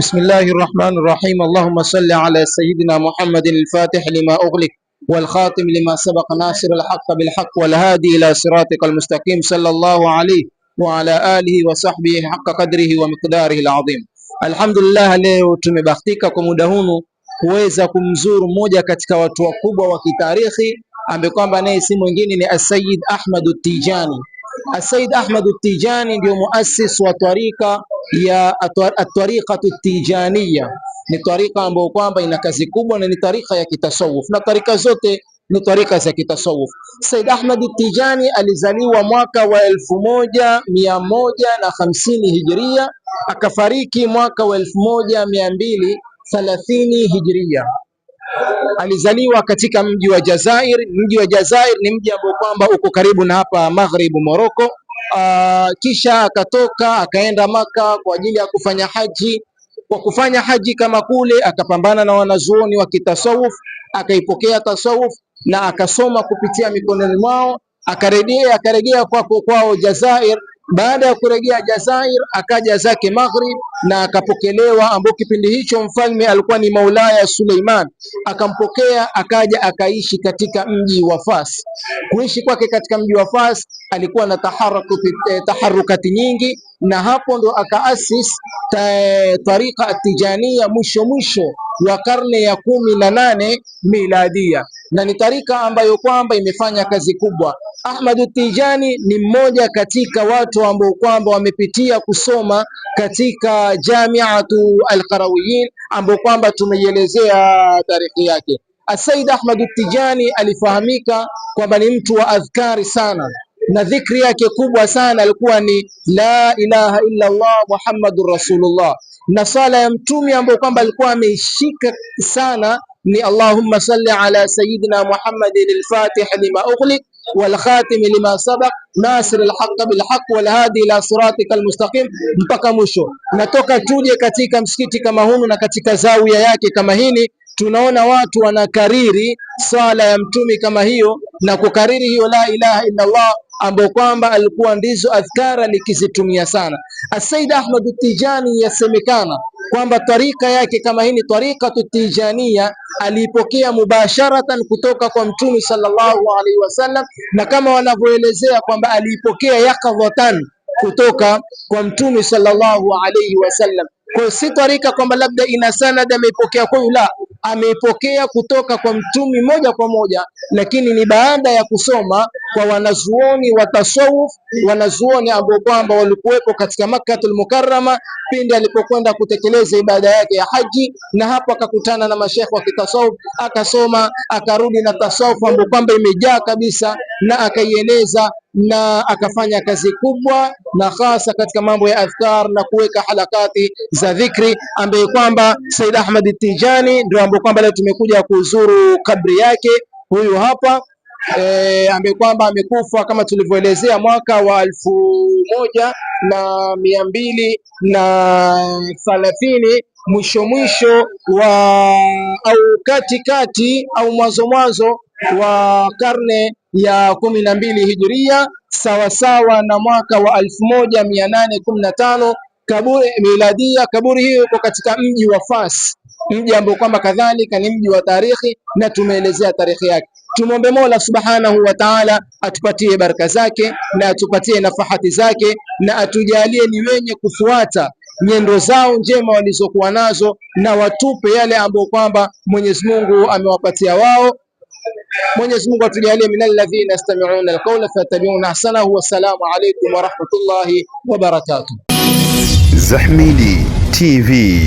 بسم الله الرحمن الرحيم اللهم صل على سيدنا محمد الفاتح لما أغلق والخاتم لما سبق ناصر الحق بالحق والهادي إلى صراطك المستقيم صلى الله عليه وعلى آله وصحبه حق قدره ومقداره العظيم الحمد لله leo tumebahtika kwa muda huu kuweza kumzuru mmoja katika watu wakubwa wa kitarehe ambaye kwamba naye si mwingine ni asyid ahmad tijani asyid ahmad ya atwariqa tijaniya ni tarika ambayo kwamba ina kazi kubwa na ni tarika ya kitasawuf, na tarika zote ni tarika za kitasawuf. Said Ahmad Tijani alizaliwa mwaka wa elfu moja mia moja na hamsini hijria, akafariki mwaka wa elfu moja mia mbili thalathini hijria. Alizaliwa katika mji wa Jazair. Mji wa Jazair ni mji ambao kwamba uko karibu na hapa Maghrib, Morocco Uh, kisha akatoka akaenda Maka kwa ajili ya kufanya haji. Kwa kufanya haji kama kule, akapambana na wanazuoni wa kitasawuf, akaipokea tasawuf na akasoma kupitia mikononi mwao, akarejea akarejea kwao kwao Jazair baada ya kurejea Jazair, akaja zake Maghrib na akapokelewa, ambapo kipindi hicho mfalme alikuwa ni Maulaya Suleiman, akampokea akaja akaishi katika mji wa Fas. Kuishi kwake katika mji wa Fas alikuwa na eh, taharukati nyingi, na hapo ndo akaasis tarika atijania mwisho mwisho wa karne ya kumi na nane miladia na ni tarika ambayo kwamba imefanya kazi kubwa. Ahmad Tijani ni mmoja katika watu ambao kwamba wamepitia kusoma katika Jamiatu Alqarawiyin ambao kwamba tumeielezea tarehe yake. Asaid Ahmad Tijani alifahamika kwamba ni mtu wa adhkari sana na dhikri yake kubwa sana alikuwa ni la ilaha illa Allah Muhammadur Rasulullah, na sala ya Mtume ambayo kwamba alikuwa ameishika sana ni Allahumma salli ala sayyidina Muhammadin al-fatih lima ughliq wal khatim lima sabaq nasir al-haqq bil haqq wal hadi ila siratikal mustaqim, mpaka mwisho. Natoka tuje katika msikiti kama huu na katika zawia yake kama hili, tunaona watu wanakariri swala ya mtumi kama hiyo na kukariri hiyo la ilaha illa Allah ambao kwamba alikuwa ndizo adhkara likizitumia sana. Asaid Ahmad Tijani yasemekana kwamba tarika yake kama hii ni tarikatu Tijania, aliipokea mubasharatan kutoka kwa Mtume sallallahu alaihi wasallam, na kama wanavyoelezea kwamba aliipokea yakadhatan kutoka kwa Mtume sallallahu alaihi wasallam. Kwa si tarika kwamba labda ina sanad ameipokea kwa la, ameipokea kutoka kwa mtume moja kwa moja, lakini ni baada ya kusoma kwa wanazuoni wa tasawuf, wanazuoni ambao kwamba walikuwepo katika Makkatul Mukarrama pindi alipokwenda kutekeleza ibada yake ya haji, na hapo akakutana na mashekhe wa kitasawuf, akasoma akarudi na tasawuf ambao kwamba imejaa kabisa, na akaieneza na akafanya kazi kubwa, na hasa katika mambo ya adhkar na kuweka halakati za dhikri, ambaye kwamba Said Ahmad Tijani ndio ambaye kwamba leo tumekuja kuzuru kabri yake. Huyu hapa e, eh, ambaye kwamba amekufa kama tulivyoelezea mwaka wa elfu moja na mia mbili na thalathini mwisho mwisho wa au katikati kati, au mwanzo mwanzo wa karne ya kumi na mbili hijiria sawasawa na mwaka wa elfu moja mia nane kumi na tano kaburi miladia. Kaburi hiyo iko katika mji wa Fas mji ambao kwamba kadhalika ni mji wa tarikhi na tumeelezea tarikhi yake. Tumwombe Mola subhanahu wa taala atupatie baraka zake na atupatie nafahati zake na atujalie ni wenye kufuata nyendo zao njema walizokuwa nazo na watupe yale ambayo kwamba Mwenyezi Mungu amewapatia wao. Mwenyezi Mungu atujalie minal ladhina yastami'una alqawla fayattabi'una ahsanahu. Wassalamu alaykum wa rahmatullahi wa barakatuh. Zahmidi TV